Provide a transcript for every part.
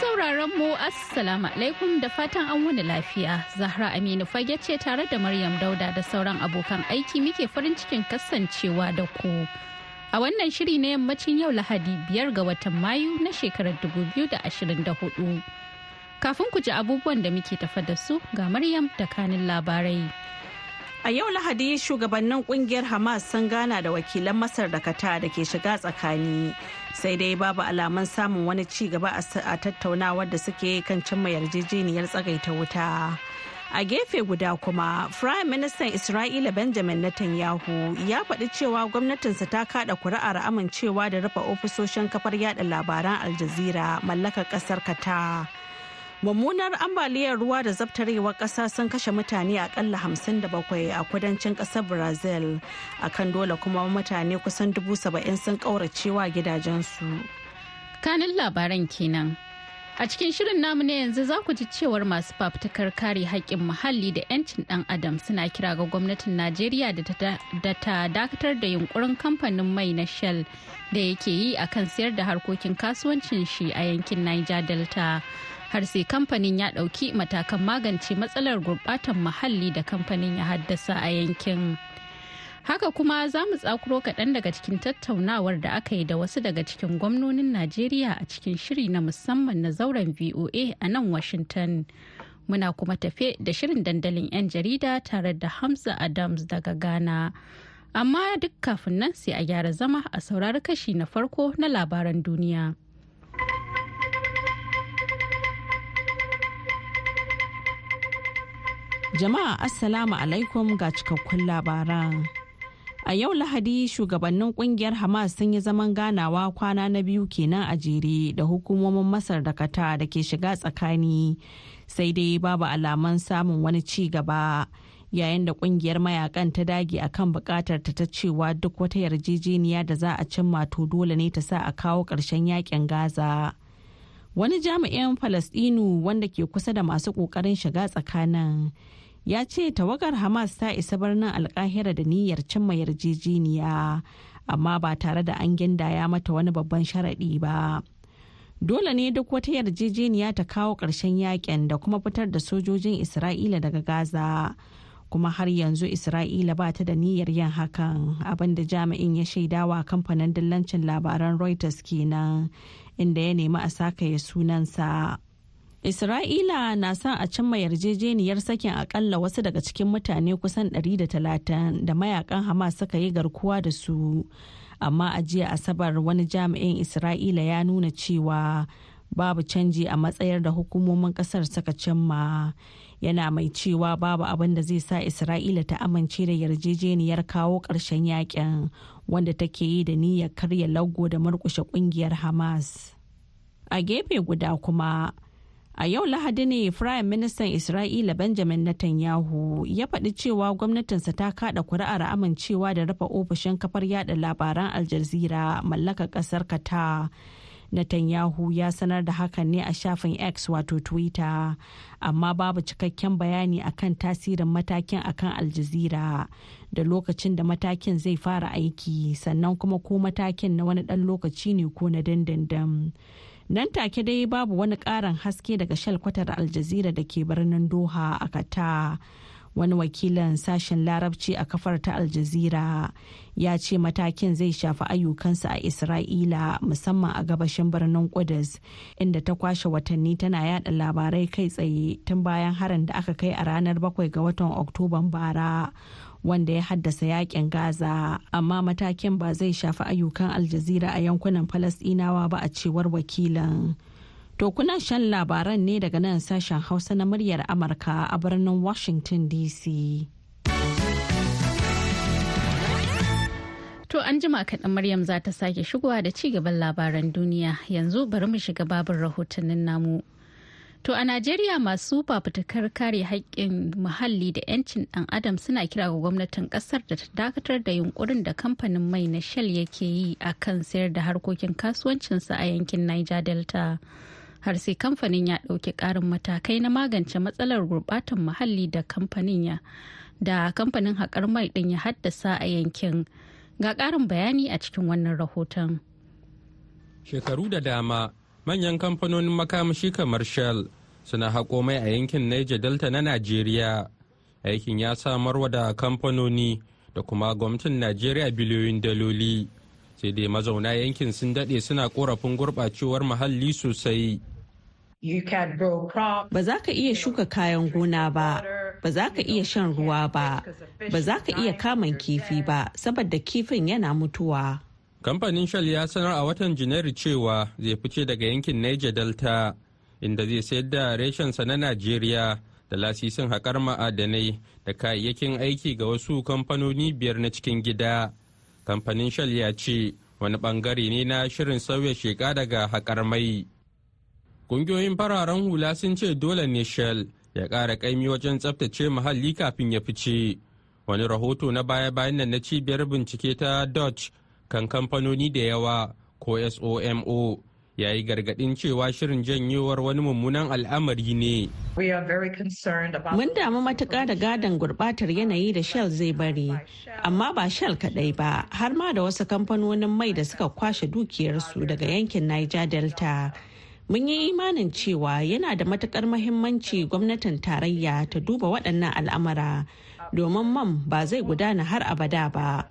sauraron mu Assalamu alaikum da fatan an wani lafiya. Zahra Aminu fage ce tare da Maryam Dauda da sauran abokan aiki muke farin cikin kasancewa da ku. A wannan shiri na yammacin yau Lahadi biyar ga watan Mayu na shekarar da da ashirin hudu. Kafin ku ji abubuwan da muke tafa da su ga Maryam da kanin labarai. A yau Lahadi shugabannin kungiyar Hamas sun gana da wakilan Masar da Kata da ke shiga tsakani. sai dai babu alaman samun wani ci gaba a tattaunawar da suke kan cimma yarjejeniyar tsagaita wuta a gefe guda kuma prime minister isra'ila benjamin netanyahu ya faɗi cewa gwamnatinsa ta kada kuri'ar amincewa da rufe ofisoshin kafar yada labaran aljazira mallakar ƙasar qatar mummunar ambaliyar ruwa da zabtarewar ƙasa sun kashe mutane akalla bakwai a kudancin ƙasar brazil a kan dole kuma mutane kusan 70,000 sun ƙauracewa gidajensu kanin labaran kenan a cikin shirin namu na yanzu za ku ji cewar masu fafutukar kare haƙƙin muhalli da 'yancin ɗan adam suna kira ga gwamnatin najeriya da ta dakatar da yunkurin kamfanin mai na shell da yake yi akan sayar da harkokin kasuwancin shi a yankin niger delta har sai kamfanin ya ɗauki matakan magance matsalar gurɓatan muhalli da kamfanin ya haddasa a yankin. Haka kuma za mu tsakuro kaɗan daga cikin tattaunawar da aka yi da wasu daga cikin gwamnonin Najeriya a cikin shiri na musamman na zauren VOA a nan Washington. Muna kuma tafe da shirin dandalin 'yan jarida tare da Hamza Adams daga Ghana. Amma duk kafin nan sai a gyara zama a saurari kashi na farko na labaran duniya. Jama'a Assalamu alaikum ga cikakkun labaran. A yau Lahadi shugabannin kungiyar Hamas sun yi zaman ganawa kwana na biyu kenan a jere da hukumomin Masar da Kata da ke shiga tsakani sai dai babu alaman samun wani ci gaba yayin da kungiyar mayakan ta dage a kan bukatar ta ta cewa duk wata yarjejeniya da za a cimma to dole ne ta sa a kawo ƙarshen yakin Gaza. Wani jami'in Falasɗinu wanda ke kusa da masu ƙoƙarin shiga tsakanin ya ce tawagar hamas ta isa birnin alkahira da niyyar cimma yarjejeniya amma ba tare da an gindaya mata wani babban sharaɗi ba dole ne duk wata yarjejeniya ta kawo ƙarshen yakin da kuma fitar da sojojin isra'ila daga gaza kuma har yanzu isra'ila ba ta da niyyar yin hakan abinda jami'in ya shaidawa kamfanin dillancin labaran reuters kenan inda ya nemi a sakaye sunansa Isra'ila na son a cimma yarjejeniyar sakin akalla wasu daga cikin mutane kusan 130 da mayakan Hamas suka yi garkuwa da su. Amma a jiya Asabar wani jami'in Isra'ila ya nuna cewa babu canji a matsayar da hukumomin kasar suka cimma. Yana mai cewa babu abin da zai sa Isra'ila ta amince da yarjejeniyar kawo ƙarshen yakin wanda take yi da niyyar karya lago da murƙushe ƙungiyar Hamas. A gefe guda kuma. A yau Lahadi ne Firayim Ministan Isra'ila Benjamin Netanyahu ya faɗi cewa gwamnatinsa ta kaɗa kuri'ar amincewa da rufe ofishin kafar yada labaran aljazira mallaka mallakar ƙasar kata Netanyahu ya sanar da hakan ne a shafin X wato Twitter, amma babu cikakken bayani akan tasirin matakin akan aljazira da lokacin da matakin zai fara aiki sannan kuma ko matakin na wani ɗan lokaci ne ko na dandandan. nan take dai babu wani ƙarin haske daga shalkwatar aljazira da ke birnin doha a kata wani wakilin sashen larabci a kafar ta aljazira ya ce matakin zai shafi ayyukansa a isra'ila musamman a gabashin birnin kudus inda ta kwashe watanni tana yada labarai kai tsaye tun bayan harin da aka kai a ranar 7 ga watan oktoban bara wanda ya haddasa yakin Gaza amma matakin ba zai shafi ayyukan Aljazira a yankunan Falasɗinawa ba a cewar wakilan. To kuna shan labaran ne daga nan sashen Hausa na muryar Amurka a birnin Washington DC. To an jima kaɗan Maryam za ta sake shigowa da ci gaban labaran duniya yanzu bari mu shiga babin rahotannin namu. To a Najeriya masu fafutukar kare haƙƙin muhalli da 'yancin ɗan adam suna kira ga gwamnatin ƙasar da ta dakatar da yunkurin da kamfanin mai na Shell yake yi a kan sayar da harkokin kasuwancinsa a yankin Niger Delta. Har sai kamfanin ya ɗauki ƙarin matakai na magance matsalar gurɓatan muhalli da kamfanin ya da kamfanin haƙar mai ɗin ya haddasa a yankin. Ga ƙarin bayani a cikin wannan rahoton. Shekaru da dama manyan kamfanonin makamashi kamar shell suna haƙo mai a yankin niger delta na najeriya aikin ya samarwa da kamfanoni da kuma gwamnatin najeriya biliyoyin daloli sai dai mazauna yankin sun daɗe suna ƙorafin gurɓacewar muhalli sosai ba za ka iya shuka kayan gona ba ba za ka iya shan ruwa ba ba za ka iya kamun kifi ba saboda kifin yana mutuwa Kamfanin Shell ya sanar a watan Janairu cewa zai fice daga yankin Niger Delta inda zai sayar da reshensa na Najeriya da lasisin haƙar ma'adanai da kayayyakin aiki ga wasu kamfanoni biyar na cikin gida. Kamfanin Shell ya ce wani bangare ne na shirin sauya sheka daga haƙar mai. Ƙungiyoyin fararen hula sun ce dole ne Shell ya ƙara ƙaimi wajen tsaftace muhalli kafin ya fice. Wani rahoto na baya-bayan nan na cibiyar bincike ta Dutch kan kamfanoni da yawa ko SOMO ya yi gargaɗin cewa shirin janyewar wani mummunan al'amari ne. Mun damu matuƙa da gadon gurɓatar yanayi da Shell zai bari, amma ba Shell kaɗai ba, har ma da wasu kamfanonin mai da suka kwashe dukiyarsu daga yankin Niger Delta. Mun yi imanin cewa yana da matuƙar mahimmanci gwamnatin tarayya ta duba waɗannan al'amura, domin man ba zai gudana har abada ba.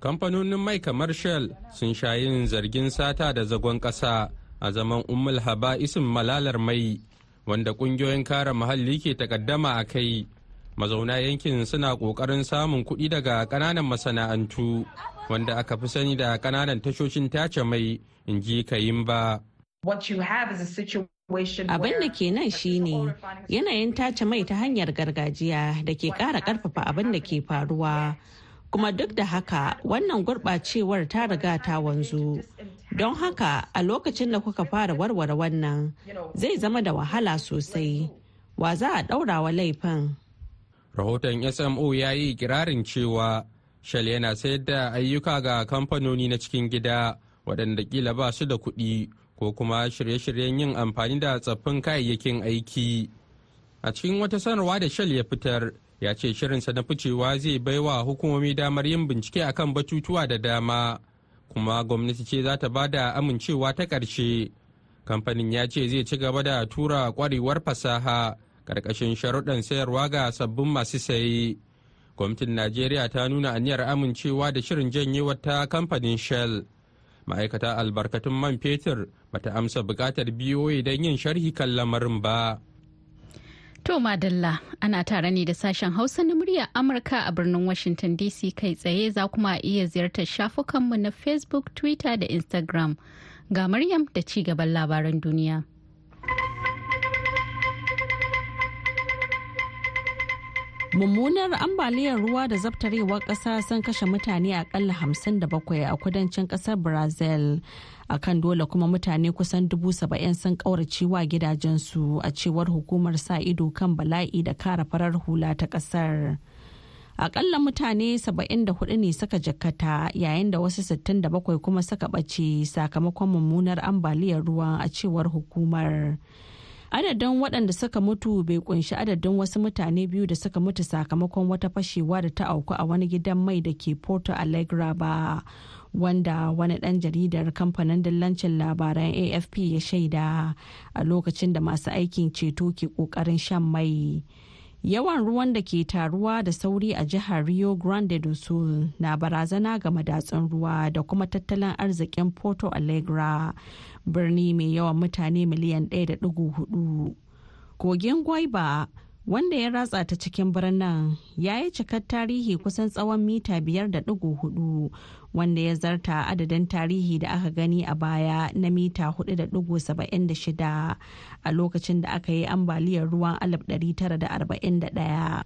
kamfanonin mai kamar shell sun sha yin zargin sata da zagon ƙasa a zaman ummul isin malalar mai wanda ƙungiyoyin kare muhalli ke takaddama a kai mazauna yankin suna ƙoƙarin samun kuɗi daga ƙananan masana'antu wanda aka fi sani da ƙananan tashoshin tace mai in ji kayimba. Abin da ke nan shine yanayin tace mai ta hanyar gargajiya da ke ƙara ƙarfafa abin da ke faruwa kuma duk da haka wannan gurɓacewar ta riga ta wanzu don haka a lokacin da kuka fara warware wannan zai zama da wahala sosai wa za a ɗaurawa laifin rahoton smo ya yi kirarin cewa shal yana sayar da ayyuka ga kamfanoni na cikin gida waɗanda kila ba su da kuɗi ko kuma shirye-shiryen yin amfani da tsaffin kayayyakin aiki a cikin wata sanarwa da shal ya fitar ya ce shirinsa na ficewa zai baiwa hukumomi damar yin bincike akan batutuwa da dama kuma gwamnati ce za ta da amincewa ta ƙarshe kamfanin ya ce zai ci gaba da tura kwarewar fasaha ƙarƙashin sharuɗan sayarwa ga sabbin masu saye gwamnatin najeriya ta nuna aniyar amincewa da shirin janyewar ta kamfanin shell ma'aikata albarkatun man fetur bata amsa buƙatar biyo don yin sharhi kan lamarin ba To Madalla ana tare ne da sashen Hausa na murya Amurka a birnin Washington DC kai tsaye za kuma iya ziyartar shafukanmu na Facebook, Twitter da Instagram. Ga Maryam da ci gaban labaran duniya. mummunar ambaliyar ruwa da zabtarewar ƙasa sun kashe mutane akalla 57 a kudancin ƙasar brazil akan dole kuma mutane kusan dubu saba'in sun ƙauraci wa gidajensu a cewar hukumar sa ido kan bala'i da kara farar hula ta ƙasar akalla mutane 74 ne suka jakkata yayin da wasu 67 kuma suka ɓace sakamakon mummunar ambaliyar ruwa a cewar hukumar. adadin waɗanda suka mutu bai kunshi adadin wasu mutane biyu da suka mutu sakamakon wata fashewa da ta auku a wani gidan mai da ke porto allegra ba wanda wani ɗan jaridar kamfanin dillancin labaran afp ya shaida a lokacin da masu aikin ceto ke ƙoƙarin shan mai yawan ruwan da ke taruwa da sauri a jihar rio grande do sul na barazana ga madatsun ruwa da kuma tattalin arzikin porto alegre birni mai yawan mutane miliyan 1.4 kogin gwaiba wanda ya ratsa ta cikin birnin ya yi cikar tarihi kusan tsawon mita biyar da ɗigo hudu wanda ya zarta adadin tarihi da aka gani a baya na mita da da ɗigo saba'in shida a lokacin da aka yi ambaliyar ruwan alif ɗari tara da da arba'in ɗaya.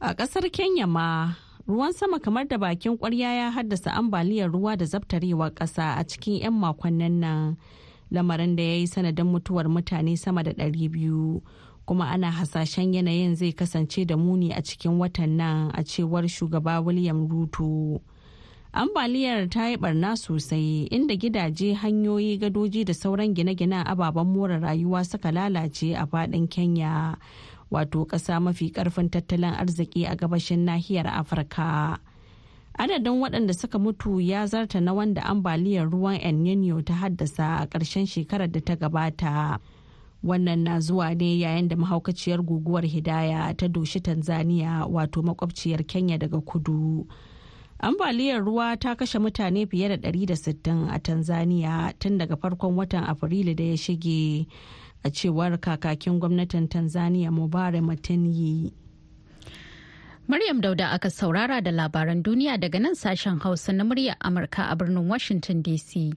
a ƙasar kenya ma ruwan sama kamar da bakin ƙwarya ya haddasa ambaliyar ruwa da zabtarewar ƙasa a cikin 'yan makonnin nan lamarin da ya yi sanadin mutuwar mutane sama da ɗari biyu. kuma ana hasashen yanayin zai kasance da muni a cikin watan nan a cewar shugaba william ruto ambaliyar ta yi barna sosai inda gidaje hanyoyi gadoji da sauran gine-ginen ababen more rayuwa suka lalace a faɗin kenya wato ƙasa mafi ƙarfin tattalin arziki a gabashin nahiyar afirka adadin waɗanda suka mutu ya zarta na wanda ambaliyar ruwan el ta haddasa a ƙarshen shekarar da ta gabata. wannan na zuwa ne yayin da mahaukaciyar guguwar hidaya ta doshi tanzania wato makwabciyar kenya daga kudu ambaliyar ruwa ta kashe mutane fiye da 160 a tanzania tun daga farkon watan afrilu da ya shige a cewar kakakin gwamnatin tanzania mubare yi maryam dauda aka saurara da labaran duniya daga nan sashen hausa na muryar amurka a birnin washington dc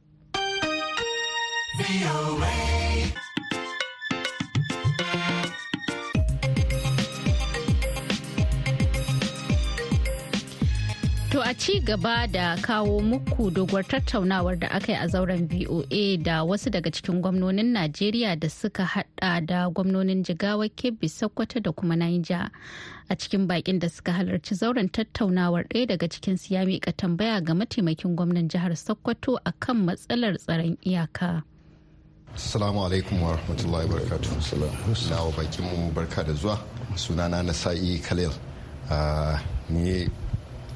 a ci gaba da kawo muku doguwar tattaunawar da aka yi a zauren VOA da wasu daga cikin gwamnonin Najeriya da suka hada da gwamnonin Jigawa, Kebbi, Sokoto da kuma Naija. A cikin bakin da suka halarci zauren tattaunawar ɗaya daga cikin su ya miƙa tambaya ga mataimakin gwamnan jihar Sokoto akan matsalar tsaron iyaka. Assalamu alaikum wa rahmatullahi wa barakatuhu. wa bakin mu barka da zuwa. Sunana na sa'i Khalil. Ah, ni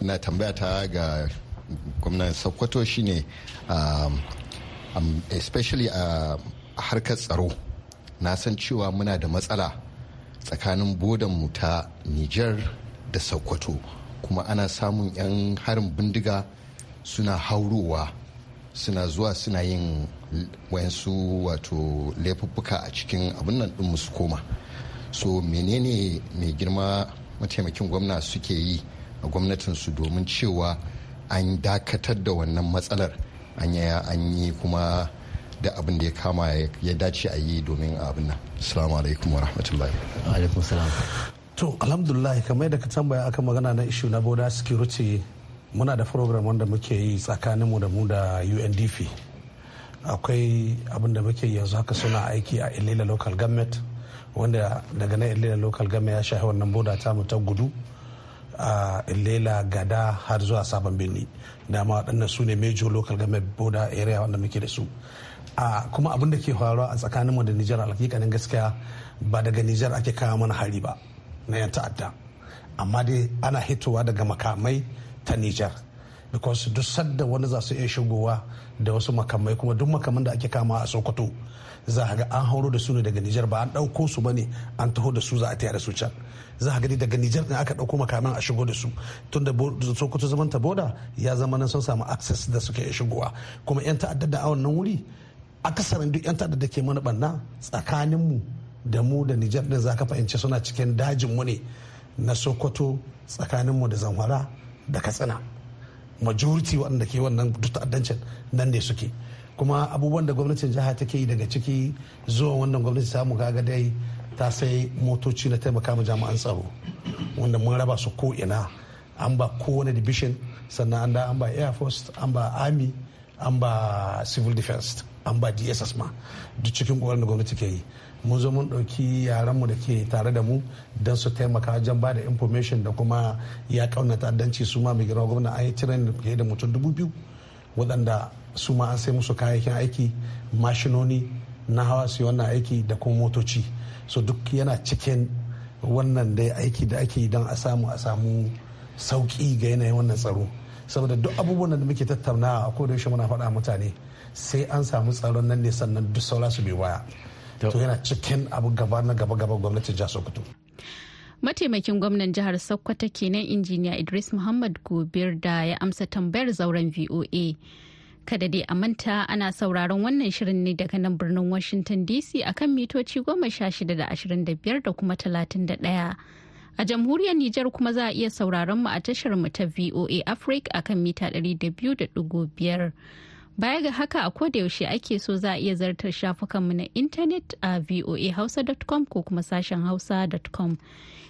na tambaya ta ga gwamnan sokoto shine um, um, especially a uh, harkar tsaro na san cewa muna da matsala tsakanin mu ta niger da sokoto kuma ana samun 'yan harin bindiga suna haurowa suna zuwa suna yin wayansu wato laifuffuka a cikin abin nan su koma so menene mai girma mataimakin gwamna suke yi a gwamnatin su domin cewa an dakatar da wannan matsalar an yi kuma da abin da ya kama ya dace a yi domin abin nan assalamu alaikum wa rahmatullahi alaikum salam to alhamdulillah kamar da ka tambaya aka magana na ishu na border security muna da program wanda muke yi tsakanin mu da mu da undp akwai abin da muke yi yanzu haka suna aiki a ilila local government wanda daga na ilila local government ya shahi wannan boda ta mu ta gudu a lela gada har zuwa sabon birni dama waɗannan su ne major local government border area wanda muke da su a kuma abin da ke faruwa a tsakaninmu da nijar alhakikanin gaskiya ba daga nijar ake kawo mana hari ba na yan ta'adda amma dai ana hitowa daga makamai ta nijar because duk sadda wani za su iya shigowa da wasu makamai kuma duk makaman da ake kama a sokoto za a ga an hauro da su ne daga Nijar ba an ɗauko su bane an taho da su za a taya da su can za a gani daga Nijar ne aka ɗauko makaman a shigo da su tun da Sokoto zaman ta boda ya zama nan sun samu access da suke shigowa kuma 'yan ta'addar da awon nan wuri akasarin duk 'yan ta'addar da ke mana banna tsakaninmu da mu da Nijar din za ka fahimci suna cikin dajin mu ne na Sokoto tsakaninmu da Zamfara da Katsina majority waɗanda ke wannan duk ta'addancin nan ne suke kuma abubuwan da gwamnatin jiha take yi daga ciki zuwa wannan gwamnati samu kaga dai ta sai motoci na taimaka ma jami'an tsaro wanda mun raba su ko ina an ba kowane division sannan an da an ba air force an ba army an ba civil defense an ba dss ma duk cikin kokarin da gwamnati ke yi mun zo mun ɗauki mu da ke tare da mu don su taimaka wajen ba da information da kuma ya kauna ta'addanci su ma mai girma gwamna an yi tiran da da mutum dubu biyu waɗanda su ma an sai musu kayayyakin aiki mashinoni na hawa su wannan aiki da kuma motoci so duk yana cikin wannan dai aiki da ake don a samu a samu sauki ga yanayin wannan tsaro saboda duk abubuwan da muke tattaunawa a koda shi muna faɗa mutane sai an samu tsaron nan ne sannan duk saura su bai baya to yana cikin abu gaba na gaba gaba gwamnatin jihar sokoto mataimakin gwamnan jihar sokoto kenan injiniya idris muhammad gobir da ya amsa tambayar zauren voa Kada dai a manta ana sauraron wannan shirin ne daga nan birnin Washington DC akan mitoci goma sha shida da ashirin biyar da kuma talatin da ɗaya. A jamhuriyar Nijar kuma za a iya sauraron mu a tashar mu ta VOA Africa akan mita ɗari da da biyar. Baya ga haka a yaushe ake so za a iya zartar shafukan mu na intanet a voahausa.com ko kuma sashen hausa.com.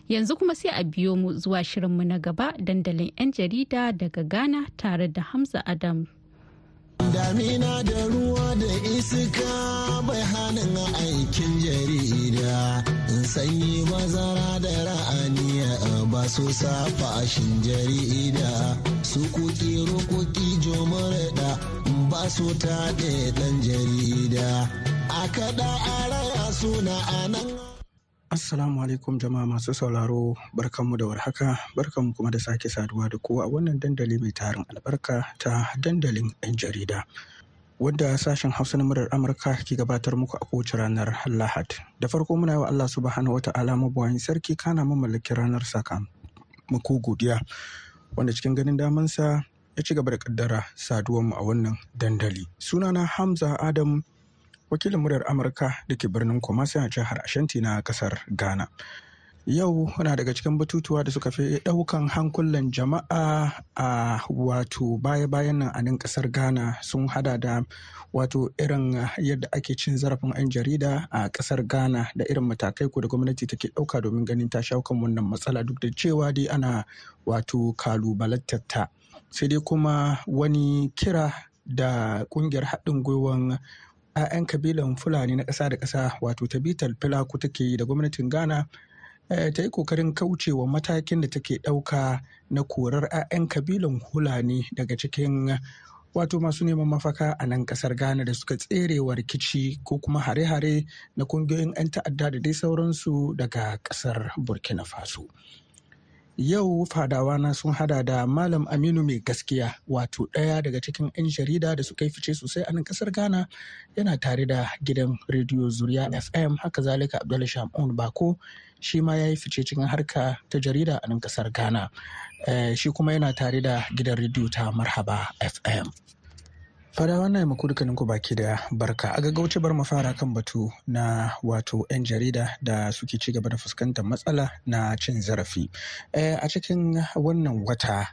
Yanzu kuma sai a biyo mu zuwa shirinmu na gaba dandalin 'yan jarida daga Ghana tare da Hamza Adam. damina da ruwa da iska bai hannun aikin jarida sanyi bazara da ra'aniya ba su safa shin jarida su kuki rukuki jomurda ba su taɗe ɗan jarida a kaɗa a raya suna anan Assalamu alaikum jama'a masu sauraro barkanmu da warhaka barkanmu kuma da sake saduwa da kowa a wannan dandali mai tarin albarka ta dandalin 'yan jarida wadda sashen hausa na murar amurka ke gabatar muku a kowace ranar lahad da farko muna wa allah subhanahu wata'ala mabuwayin sarki kana mamallakin ranar saka muku godiya wanda cikin ganin damansa ya ci gaba da kaddara saduwanmu a wannan dandali sunana hamza adam wakilin muryar amurka da ke birnin kumasi a jihar ashanti na kasar ghana yau na daga cikin batutuwa da suka fi daukan hankulan jama'a a wato baya-bayan nan a nan kasar ghana sun hada da wato irin yadda ake cin zarafin 'yan jarida a kasar ghana da irin matakai ko da gwamnati take dauka domin ganin ta shawo kan wannan matsala duk da cewa dai ana wato kalubalantar sai dai kuma wani kira da kungiyar haɗin gwiwan 'ya'yan kabilan fulani na ƙasa da ƙasa wato tabital filaku take yi da gwamnatin ghana eh, ta yi kokarin kaucewa matakin da take ɗauka na korar 'ya'yan kabilan hulani daga cikin wato masu neman mafaka a nan ƙasar ghana da suka tserewa rikici ko kuma hare-hare na ƙungiyoyin 'yan ta'adda da dai sauransu daga ƙasar burkina faso Yau fadawa na sun hada da Malam Aminu mai gaskiya wato ɗaya daga cikin 'yan jarida da suka yi fice sosai a nan kasar Ghana yana tare da gidan rediyo Zuriya FM haka zalika Abdullahi Shamun Bako shi ma ya yi fice cikin harka ta jarida a nan kasar Ghana. Eh, shi kuma yana tare da gidan rediyo ta Marhaba FM. wannan na maku ku baki da barka. A gaggauce bar mu fara kan batu na wato 'yan jarida da suke ci gaba da fuskantar matsala na cin zarafi. Eh, a cikin wannan wata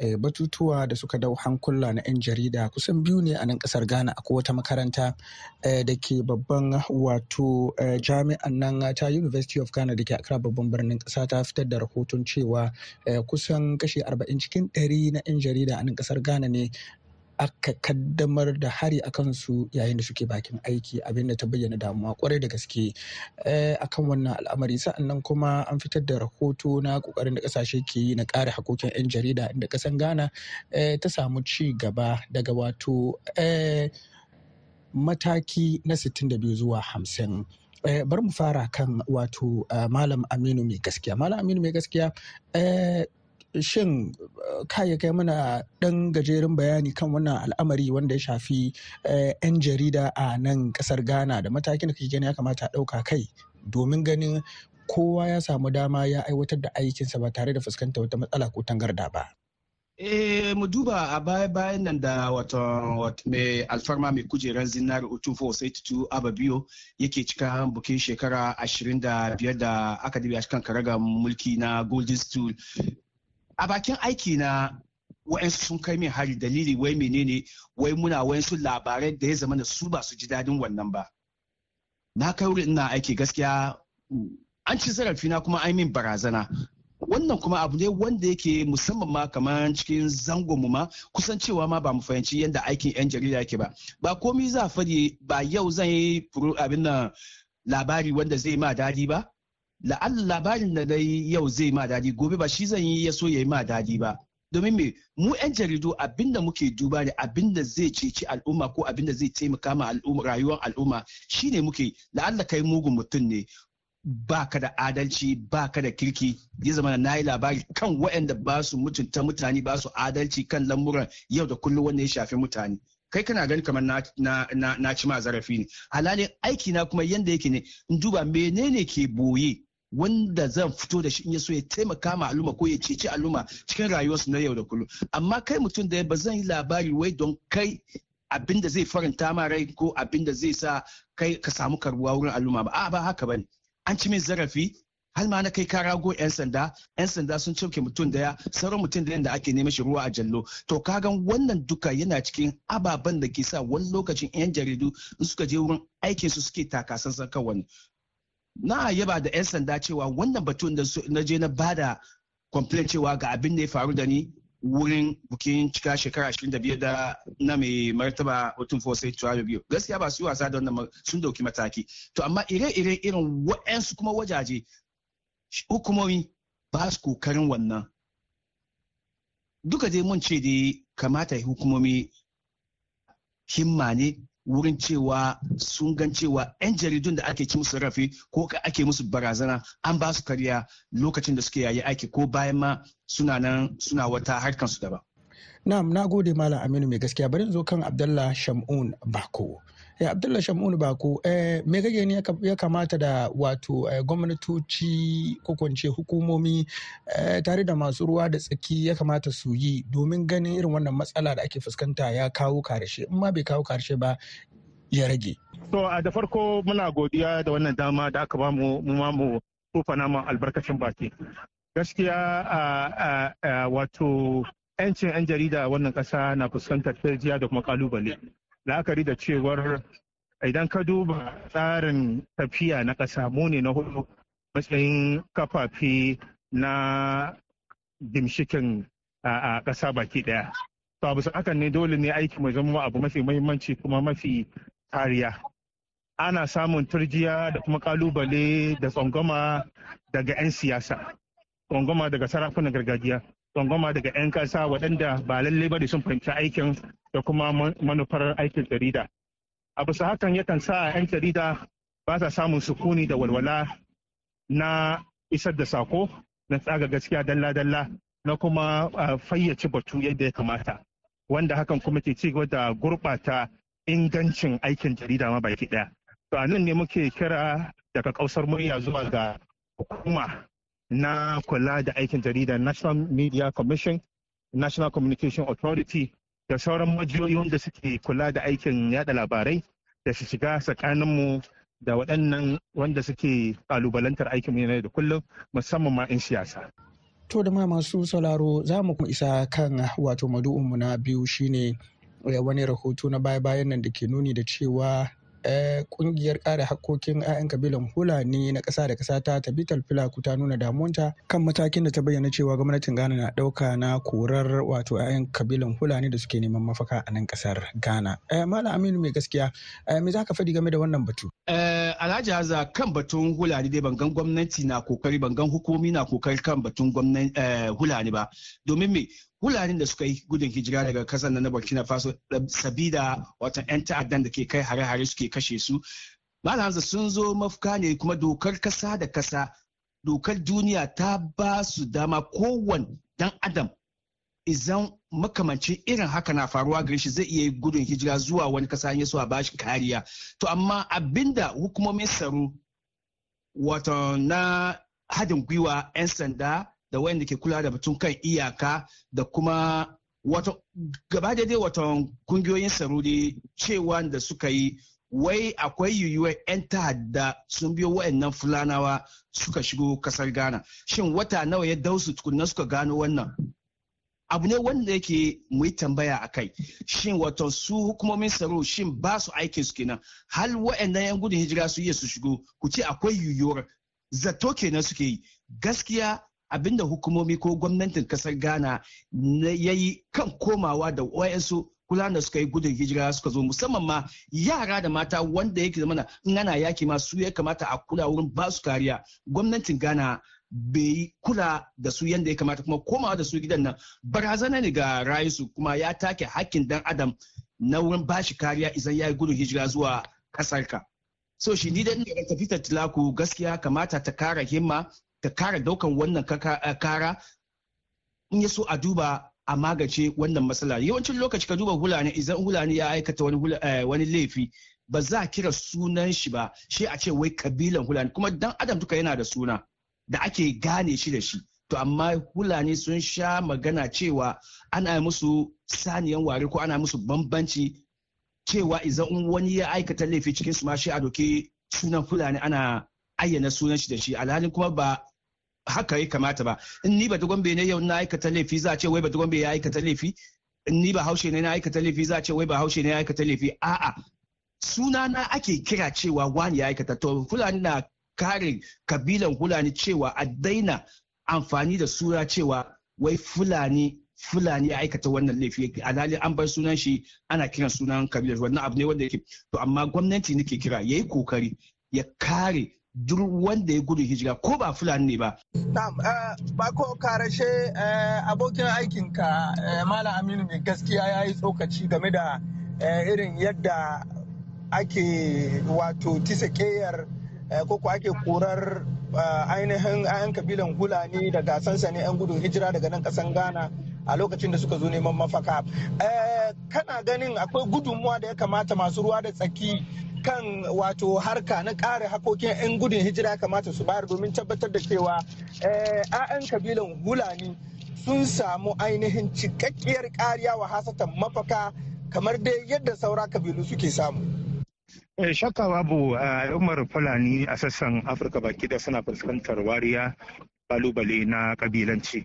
eh, batutuwa da suka dau hankula na 'yan jarida kusan biyu ne a nan kasar ghana akwai wata makaranta eh, da ke babban wato jami'an nan ta university of ghana da ke akara babban birnin kasa ta fitar da rahoton cewa kusan kashi 40 cikin 100 na 'yan jarida a nan kasar ghana ne aka kaddamar da hari a kansu yayin da suke bakin aiki abinda ta bayyana damuwa kwarai da gaske eh, A kan wannan al'amari sa'annan kuma an fitar da rahoto na kokarin da kasashe ke yi na kare hakokin 'yan jarida inda kasan gana. Eh, ta samu ci gaba daga wato eh, mataki na 62 zuwa 50 Bar mu fara kan wato malam aminu mai gaskiya malam aminu mai gaskiya shin kai kai mana ɗan gajeren bayani kan wannan al'amari wanda ya shafi 'yan eh, jarida a nan kasar ghana da matakin da kake gani ya kamata a ɗauka kai domin ganin kowa ya samu dama ya aiwatar da aikinsa ba tare da fuskanta wata matsala ko tangarda ba Eh, mu duba a baya-bayan nan da wato mai alfarma mai kujerar zinari utufo sai tutu ababiyo yake cika bukin shekara 25 da aka dabi a cikin karagar mulki na golden stool a bakin aiki na wa'ansu sun kai min hari dalili wai menene wai muna wa'ansu labarai da ya zama da su ba su ji dadin wannan ba na kai wurin ina aiki gaskiya an ci zarafi na kuma an min barazana wannan kuma abu ne wanda yake musamman ma kamar cikin zangonmu mu ma kusan cewa ma ba mu fahimci yadda aikin yan jarida yake ba ba komi za a faɗi ba yau zan yi abin nan labari wanda zai ma dadi ba la'alla labarin da dai yau zai ma dadi gobe ba shi zan yi ya so ya yi ma dadi ba domin me mu 'yan jaridu abinda muke duba ne abinda zai ceci al'umma ko abinda zai taimaka ma rayuwar al'umma shine muke la'alla kai mugun mutum ne baka da adalci baka da kirki ya zama na yi labari kan waɗanda ba su mutunta mutane ba su adalci kan lamuran yau da kullum wanda ya shafi mutane kai kana gani kamar na, na, na, na ci ma zarafi ne halalin aiki na kuma yanda yake ne in duba menene ke boye wanda zan fito da shi in ya so ya taimaka ma al'umma ko ya cece al'umma cikin rayuwarsu na yau da kullum amma kai mutum da ba zan yi labari wai don kai abin da zai faranta ma rai ko abin da zai sa kai ka samu karbuwa wurin al'umma ba a ba haka bane an ci min zarafi har ma na kai ka rago yan sanda yan sanda sun cauke mutum daya sauran mutum da da ake neman shi ruwa a jallo to ka ga wannan duka yana cikin ababen da ke sa wani lokacin yan jaridu in suka je wurin aikin su suke takasan kan wani na yaba da 'yan sanda cewa wannan batun da na je na bada complain cewa ga abin da ya faru da ni wurin bukin cika shekara 25 da na mai martaba otun fosai da biyu gaskiya ba su yi wasa da wannan sun dauki mataki to amma ire-ire irin wa'ansu kuma wajaje hukumomi ba su kokarin wannan duka dai mun ce dai kamata hukumomi himma ne wurin cewa sun gan cewa 'yan jaridun da ake ci musu rafi ko ka ake musu barazana an ba su karya lokacin da suke yayi aiki ko bayan ma suna nan suna wata harkansu daban. Na'am, na gode Malam Aminu mai gaskiya bari zo kan Abdallah Shamun Bako. Eh, abdullahi shamun bako eh, me kake ne ya kamata da wato eh, gwamnatoci ko kwance hukumomi tare da masu ruwa da tsaki ya kamata su yi domin ganin irin wannan matsala da ake fuskanta ya kawo karshe in ma bai kawo karshe ba ya rage to a da farko muna godiya da wannan dama da aka bamu mu ma mu tufana mu albarkacin baki gaskiya wato 'yancin 'yan jarida wannan ƙasa na fuskantar tarjiya da kuma ƙalubale. la'akari da cewar idan ka duba tsarin tafiya na ƙasa mu ne na hudu matsayin kafafi na dimshikin a ƙasa baki ɗaya. To bisa hakan ne dole ne aiki mai zama abu mafi mahimmanci kuma mafi kariya. Ana samun turjiya da kuma kalubale da tsangwama daga 'yan siyasa, tsangwama daga sarakunan gargajiya. tsangwama daga 'yan kasa waɗanda ba lalle ba da sun fahimci aikin da kuma manufar aikin jarida. A bisa hakan yakan sa 'yan jarida ba sa samun sukuni da walwala na isar da sako na tsaga gaskiya dalla-dalla na kuma fayyace batu yadda ya kamata. Wanda hakan kuma ke ci da gurɓata ingancin aikin jarida ma baki ɗaya. To a nan ne muke kira daga ƙausar murya zuwa ga hukuma na kula da aikin jarida National Media Commission, National Communication Authority da sauran majiyoyi da suke kula da aikin yada labarai da su shiga tsakaninmu da waɗannan wanda suke ƙalubalantar aikin yanayi da kullum musamman ma in siyasa. To da ma masu sauraro za mu kuma isa kan wato madu'unmu na biyu shine eh, wani rahoto na baya-bayan nan da ke nuni da cewa kungiyar eh, kare hakkokin 'ya'yan kabilan hulani na ƙasa da ƙasa ta tabital filaku ta nuna damuwanta kan matakin da ta bayyana cewa gwamnatin ghana na ɗauka na korar wato 'ya'yan kabilan hulani da suke neman mafaka a nan ƙasar ghana eh, malam aminu mai gaskiya eh, me za ka faɗi game da wannan batu alhaji haza kan batun hulani dai bangan gwamnati na kokari bangan hukumi na kokari kan batun hulani ba domin me hularin da suka yi gudun hijira daga kasar na burkina faso sabida watan 'yan ta'addan da ke kai hare-hare suke kashe su malam sun zo mafuka ne kuma dokar kasa da kasa dokar duniya ta ba su dama kowane dan adam izan makamancin irin haka na faruwa gare shi zai iya gudun hijira zuwa wani kasa ya so a bashi kariya to amma abinda hukumomin tsaro wato na hadin gwiwa 'yan sanda da wayanda ke kula da batun kan iyaka da kuma wato gaba da dai wato kungiyoyin tsaro cewa da suka yi wai akwai yiwuwar 'yan ta'adda sun biyo wayannan fulanawa suka shigo kasar ghana shin wata nawa ya dausu tukunna suka gano wannan abu ne wanda yake muyi tambaya a kai shin wato su hukumomin tsaro shin ba su aikin su kenan hal wayannan 'yan gudun hijira su iya su shigo ku ce akwai yiwuwar zato kenan suke yi gaskiya abinda hukumomi ko gwamnatin kasar ghana ya yi kan komawa da wayansu kula da suka yi gudun hijira suka zo musamman ma yara da mata wanda yake zamana in ana yaki ma su ya kamata a kula wurin ba su kariya gwamnatin ghana bai kula da su yadda ya kamata kuma komawa da su gidan nan barazana ne ga rayusu kuma ya take hakkin dan adam na wurin ba shi kariya idan ya yi gudun hijira zuwa kasarka. so shi ni dan da tafi tilaku gaskiya kamata ta kara himma ka kara daukan wannan eh, kara in ya so a duba a magace wannan matsala yawancin lokaci ka duba hulani idan hulani ya aikata wani eh, laifi ba za a kira sunan shi ba shi a ce wai kabilan hulani kuma dan adam duka yana da suna da ake gane shi da shi to amma hulani sun sha magana cewa ana musu saniyan ware ko ana musu bambanci cewa idan wani ya aikata laifi cikin su ma shi a doke sunan fulani ana ayyana sunan shi da shi alhalin kuma ba haka ya kamata ba in ni Gombe ne yau na aikata laifi za a ce wai Gombe ya aikata laifi in ni ba haushe ne na aikata laifi za a ce wai ba haushe ne ya aikata laifi a'a suna na ake kira cewa wani ya aikata to fulani na kare kabilan fulani cewa a daina amfani da suna cewa wai fulani fulani ya aikata wannan laifi alhali an bar sunan shi ana kiran sunan kabilar wannan abu ne wanda yake to amma gwamnati nake kira yayi kokari ya kare duk wanda ya gudu hijira ko ba fulani ne ba. Eh, ba ko karashe eh, abokin aikinka eh, malam aminu mai gaskiya ya yi tsokaci game da irin yadda ake wato tisa keyar ko ko ake korar ainihin ayan kabilan hulani da gasansa ne 'yan gudun hijira daga nan kasan ghana a lokacin da suka zo neman mafaka kana ganin akwai gudunmuwa da ya kamata masu ruwa da tsaki kan wato harka na ƙara hakokin 'yan gudun hijira kamata su bayar domin tabbatar da cewa 'ya'yan eh, kabilan hulani sun samu ainihin cikakkiyar kariya wa hasatan mafaka kamar dai yadda saura kabilu suke samu. Eh, shakka babu eh, umar fulani a sassan afirka baki da suna fuskantar wariya Balubale na kabilanci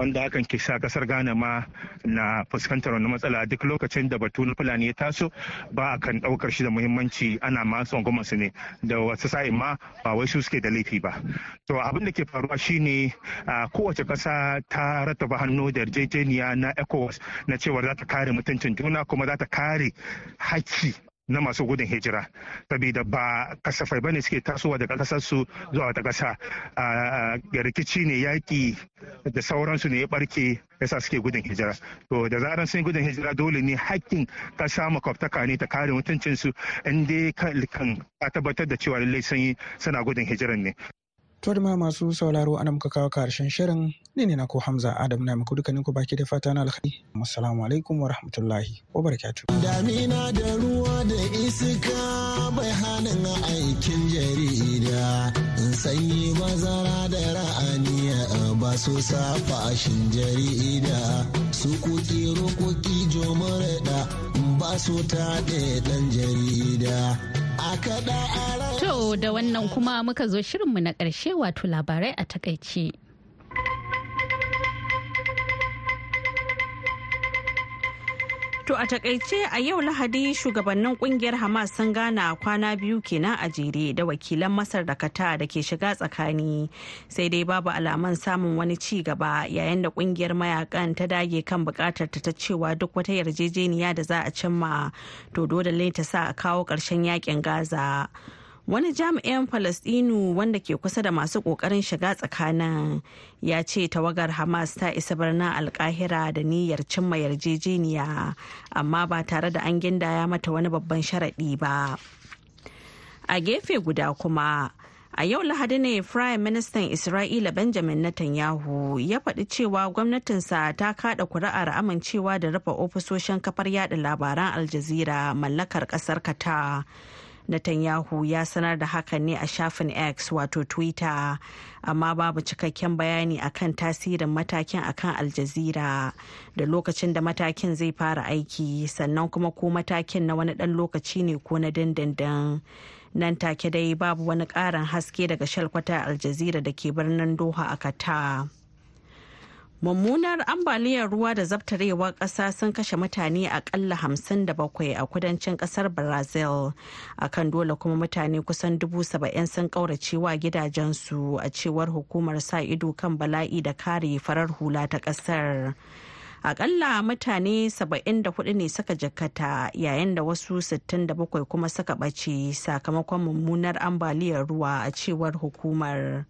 wanda hakan ke sa kasar ghana ma na fuskantar wani matsala duk lokacin da batu fulani ya taso ba a kan daukar shi da muhimmanci ana ma tsangwamar su ne da wasu sa'in ma ba wai su suke da laifi ba to abin da ke faruwa shine a kowace kasa ta rattaba hannu da yarjejeniya na ecowas na cewa za ta kare mutuncin juna kuma za ta kare haƙƙi na masu gudun hijira saboda ba kasafai bane suke tasowa daga kasar su zuwa wata kasa rikici ne yaki da sauransu ne ya barke yasa suke gudun hijira to da zaran sun gudun hijira dole ne hakkin kasa makwabtaka ne ta kare mutuncin su in dai kan a tabbatar da cewa lallai sun yi suna gudun hijiran ne to da masu sauraro ana muka kawo karshen shirin ne ne na ko Hamza Adam na muku dukkanin ku baki da fata na alkhairi. Assalamu alaikum wa rahmatullahi wa barakatuh. Damina da ruwa da iska bai halin aikin jarida. in Sanyi bazara da ra'aniya ba su safa shin jarida. Su kuki rukuki jomurda ba su taɗe ɗan jarida. To da wannan kuma muka zo shirinmu na ƙarshe wato labarai a takaice. To a takaice a yau Lahadi shugabannin kungiyar Hamas sun gana kwana biyu kenan a jere da wakilan Masar da Kata da ke shiga tsakani sai dai babu alaman samun wani ci gaba yayin da kungiyar mayakan ta dage kan bukatar ta ta cewa duk wata yarjejeniya da za a cimma to dole ne ta sa a kawo ƙarshen yakin Gaza. wani jami'in falastinu wanda ke kusa da masu kokarin shiga tsakanin ya ce tawagar hamas ta isa birnin alkahira da niyyar cimma yarjejeniya amma ba tare da an gindaya mata wani babban sharaɗi ba a gefe guda kuma a yau lahadi ne prime ministan isra'ila benjamin netanyahu ya faɗi cewa gwamnatinsa ta kaɗa kuri'ar amincewa da rufe ofisoshin kafar yada labaran aljazira mallakar ƙasar qatar Netanyahu ya sanar da hakan ne a shafin X wato Twitter amma babu cikakken bayani akan tasirin matakin akan Al Jazeera da lokacin da matakin zai fara aiki sannan kuma ko matakin na wani ɗan lokaci ne ko na dindindin. Nan take dai babu wani ƙarin haske daga shalkwata Al da ke birnin Doha a Qatar. mummunar ambaliyar ruwa da zabtarewar ƙasa sun kashe mutane aƙalla hamsin da bakwai a kudancin ƙasar brazil a kan dole kuma mutane kusan dubu saba'in sun cewa gidajensu a cewar hukumar sa ido kan bala'i da kare farar hula ta ƙasar aƙalla mutane 74 ne suka jakata yayin da wasu 67 kuma suka ɓace sakamakon mummunar ambaliyar ruwa a cewar hukumar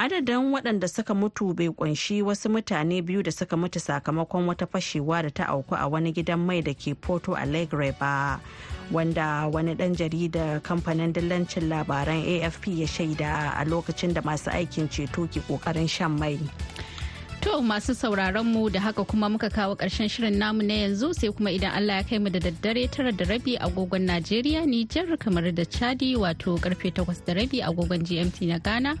adadin waɗanda suka mutu bai kunshi wasu mutane biyu da suka mutu sakamakon wata fashewa da ta auku a wani gidan mai da ke porto alegre ba wanda wani ɗan jarida kamfanin dillancin labaran afp ya shaida a lokacin da masu aikin ceto ke ƙoƙarin shan mai To masu sauraron mu da haka kuma muka kawo ƙarshen shirin namu na yanzu sai kuma idan Allah ya kai mu da daddare tara da rabi agogon Najeriya Nijar kamar da Chadi wato karfe takwas da rabi agogon GMT na Ghana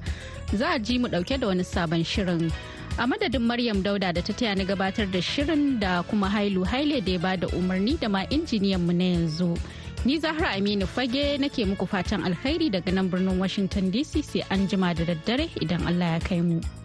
za a ji mu ɗauke da wani sabon shirin. A madadin Maryam Dauda da ta taya ni gabatar da shirin da kuma Hailu Haile da ya ba da umarni da ma injiniyan mu na yanzu. Ni Zahra Aminu Fage nake muku fatan alkhairi daga nan birnin Washington DC sai an jima da daddare idan Allah ya kai mu.